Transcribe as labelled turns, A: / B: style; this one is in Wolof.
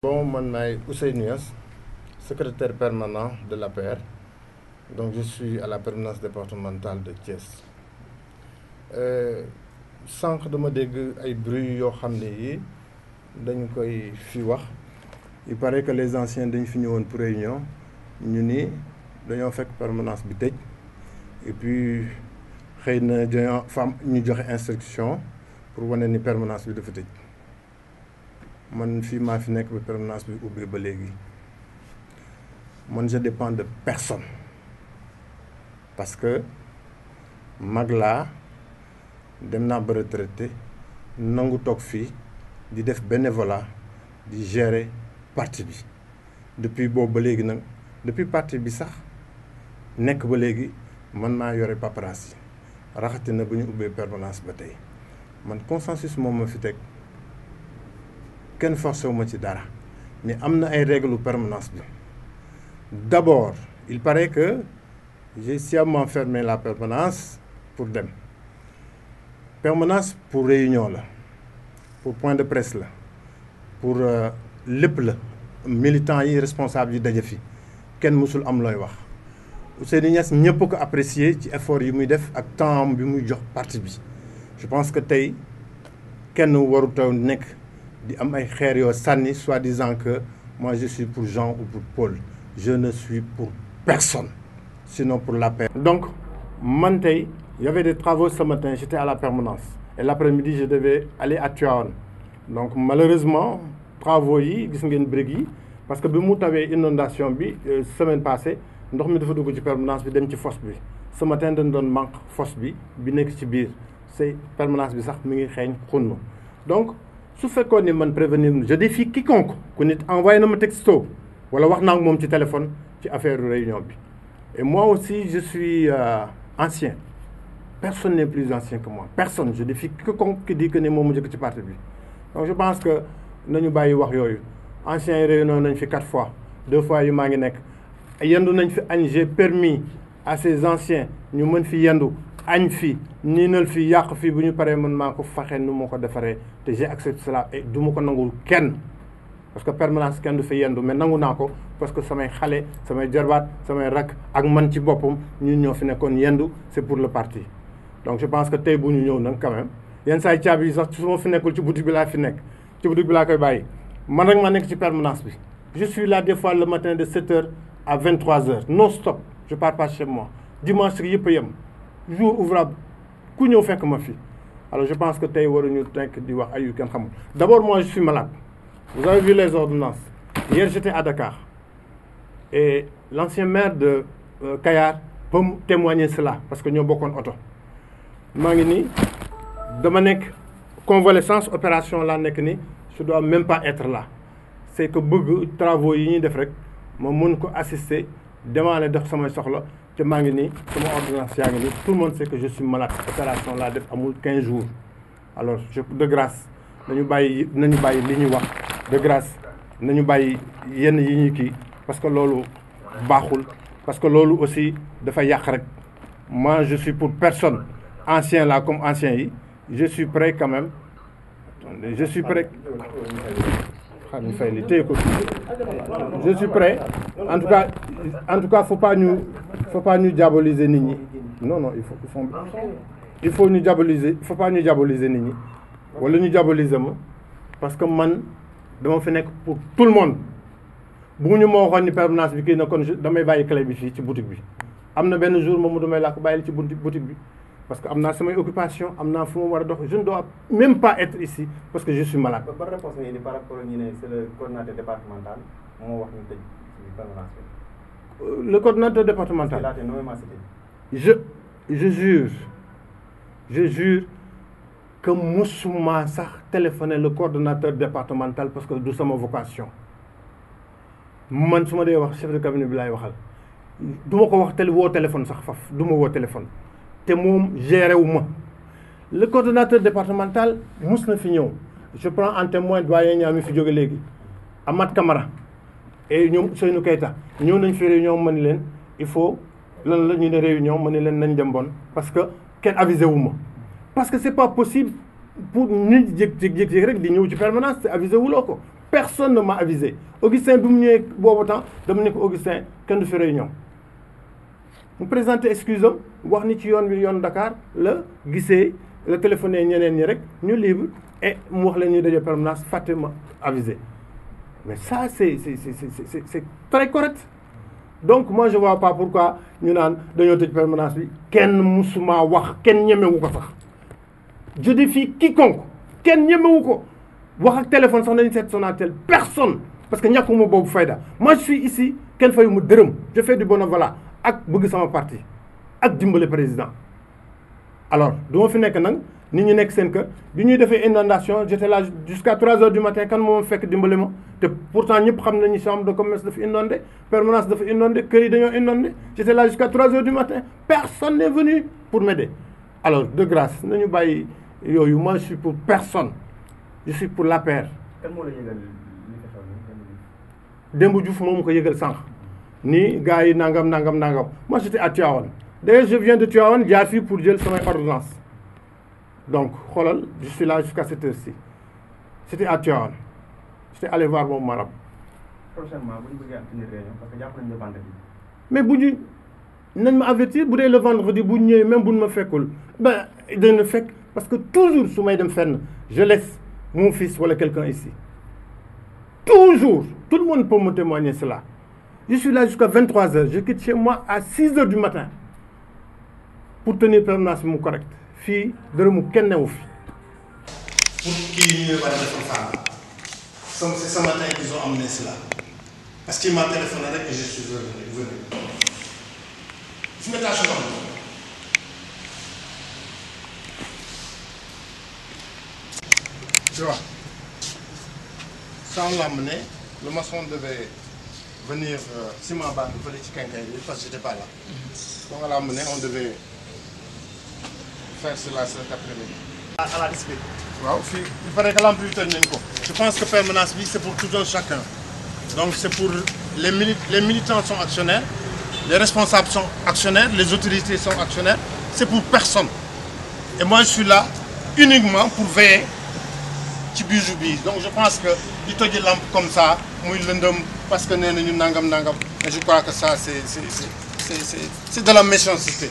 A: bon je suis Ousseï Niass secrétaire permanent de l'APR donc je suis à la permanence départementale de Thiès euh, Sans que dégg ay bruit yoo y ait il paraît que les anciens ont fi une pour réunion nous avons fait permanence et puis nous avons fait une instruction pour une permanence man fii maa fi nekk ba permanence bi ubbi ba léegi man je dépend de personne parce que mag laa dem naa ba retraité nangu toog fii di def bénévolat di gérer parti bi depuis boobu ba léegi nag depuis parti bi sax nekk ba léegi man maa yore paperasse yi raxatina bu ñu ubbee permanence ba tey man consensus moom ma fi teg ken forcé wu ma ci dara mais am na ay règle permanence d'abord il paraît que j'ai sciemment fermé la permanence pour dem permanence pour réunion la pour point de presse la pour euh, lépp la militants yi responsable yi daje fi ken musul am loy wax Ousseynou Niass ñëpp ko apprécier ci effort yi muy def ak temps bi muy jox parti bi je pense que tey kenn taw nek di am disant que moi je suis pour Jean ou pour Paul je ne suis pour personne sinon pour la paix. donc il y avait des travaux ce matin j'étais à la permanence et l'après-midi je devais aller à Tivaouane donc malheureusement travaux yi gis ngeen briques parce que bi eu une inondation la euh, semaine passée ndox mi dafa dugg ci permanence bi dem ci fosse bi ce matin avons manque fosse bi bi nekk ci biir c'est permanence donc su fekkoon man prévenir je défie quiconque ku nit envoyé na ma texto wala wax naa ak moom ci téléphone ci affaire réunion bi et moi aussi je suis euh, ancien personne n'est plus ancien que moi personne je défie quiconque qui dit que ne moom mu ci parti bi donc je pense que nañu bàyyi wax yooyu anciens réunion nañ fi quatre fois deux fois yu maa ngi nekk yendu nañ fi añ j'ai permis à ces anciens ñu mën fi yendu añ fi niinal fi yàq fi bu ñu paree man maa ko faxe nu ma ko defaree te j'ai accepté cela et du ma ko nangul kenn parce que permanence kenn du fi yendu mais nangu naa ko parce que samay xale samay jarbaat samay rak ak man ci boppam ñun ñoo fi nekkoon yendu c'est pour le parti donc je pense que tey bu ñu ñëw nag quand même yenn saa caabi yi sax su ma fi nekkul ci boutique bi laa fi nekk ci boutique bi laa koy bàyyi man rek maa nekk ci permanence bi je suis là des fois le matin de 7 heures à 23 heures non stop je pars pas chez moi dimanche yëpp a yem jour ouvrable ku fait que ma fi alors je pense que tey waruñu tenk di wax ay yu D'abord moi je suis malade vous avez vu les ordonnances hier j'étais à Dakar et l'ancien maire de euh, Kayar peut témoigner cela parce que ñoo avons beaucoup maa ngi nii dama nekk convalescence opération laa nekk ni je dois même pas être là c'est que bëgg travaux yi ñuy def rek ma Je ko assister demaale def samay je suis ni, ordonnance tout le monde sait que je suis malade opération là def amul 15 jours alors je de grâce nañu bàyyi nañu bàyyi li de grâce nañu bàyyi yenn yi ñuy parce que lolo baaxul parce que lolo aussi dafa yàq rek moi je suis pour personne ancien là comme ancien je suis prêt quand même je suis prêt je suis prêt. En tout cas, en tout cas, faut pas nous, faut pas nous diaboliser Nini. Non, non, il faut, il faut, il faut nous diaboliser, faut pas nous diaboliser Nini. Voilà nous diaboliser parce que man, dama fi nekk pour tout le monde. bu ñu ma waxoon permanence bi kii na kon damay bàyyi clé bi fii ci boutique bi am na benn jour moom damay làkk bàyyil ci boutique bi parce que amna naa samay occupation amna fuma wara dox je ne dois même pas être ici parce que je suis malade. ba réponse nga par rapport ñu ne c'est le coordinateur départemental mo wax ñu tëj ci permanence euh, le coordinateur départemental. parce que cité je je jure je jure que musuma sax téléphoner le coordinateur départemental parce que du sama vocation man su day wax chef de cabinet bi laay waxal du ma ko wax télé woo téléphone sax faf du ma woo téléphone te mom géré wuma le coordonnateur départemental musna na fi je prends en témoin doyen ñaa mi fi jóge légui amad Camara et ñom Ousseynou Keita ñew nañ fi réunion ma il faut lan la ñu né réunion ma ni nañ dem bon parce que ken avisé wuma parce que c'est pas possible pour nit jek jek rek di ñew ci permanence avisé wuloko personne ne m'a avisé Augustin bi mu ñëwee boobu dama né ko Augustin kenn du fi réunion mu présenté excuse am wax ni ci yoon bi yoon Dakar la gisee la téléphoné ñeneen ñi rek ñu libre et mu wax leen ñu permanence fàtte avisé mais ça c'est c'est c'est c'est très correct donc moi je vois pas pourquoi ñu naan dañoo tëj permanence bi kenn musuma wax kenn ñemewu ko sax je défie quiconque kenn ñemewu ko wax ak téléphone sax nañu seet Sonatel personne parce que ñàkkuma boobu fayda moi je suis ici kenn fayu mu dërëm je fais du bénévolat avec bëgg sama parti ak dimbale président alors nous fi nek nak nit ñi avons seen une inondation j'étais là jusqu'à 3h du matin kan moom fekk dimbale ma té pourtant nous xam nañu chambre de commerce dafa inondé permanence dafa inondé kër yi dañoo inondé j'étais là jusqu'à 3h du matin personne n'est venu pour m'aider alors de grâce nañu bayyi yoyu moi je suis pour personne je suis pour la paix. démb Diouf moomu ko yëgal sànq ni gars nangam nangam nangam moi j'étais à Dès d'ailleurs je viens de Tivaouane j'ai fii pour jël samay ordonnance donc voilà je suis là jusqu'à cette heure-ci c'était à Tivaouane j'étais allé voir mon Marab. prochainement parce que le mais bu ne nañ ma avertir bu le vendredi bu même même me ñu ma fekkul ba ben, ne fekk parce que toujours sous may dem fenn je laisse mon fils ou quelqu'un ici toujours tout le monde peut me témoigner cela. Je suis là jusqu'à 23h. Je quitte chez moi à 6h du matin pour tenir permanence mon correct pas de mon newu fi. pour ne ñu va être en femme c'est ce matin qu'ils ont amené cela parce qu'il m'a téléphoné et je suis venu Je me tâche chambre. tu vois sans l'amener le maçon devait venir Ciment euh, ma banque ci Kenkay parce que j'étais pas là. Mhm. donc la on devait faire cela cet après-midi. à la respect. Wow. faudrait il paraît que l'amplitude nañ ko. je pense que permanence vie, c'est pour tout un chacun. donc c'est pour les mili les militants sont actionnaires les responsables sont actionnaires les autorités sont actionnaires c'est pour personne et moi je suis là uniquement pour veiller ci bijou bi donc je pense que di toji lampe comme ça muy lëndëm parce que nee nañu nangam nangam et je crois que ça c'est c'est c'est c'est de la méchanceté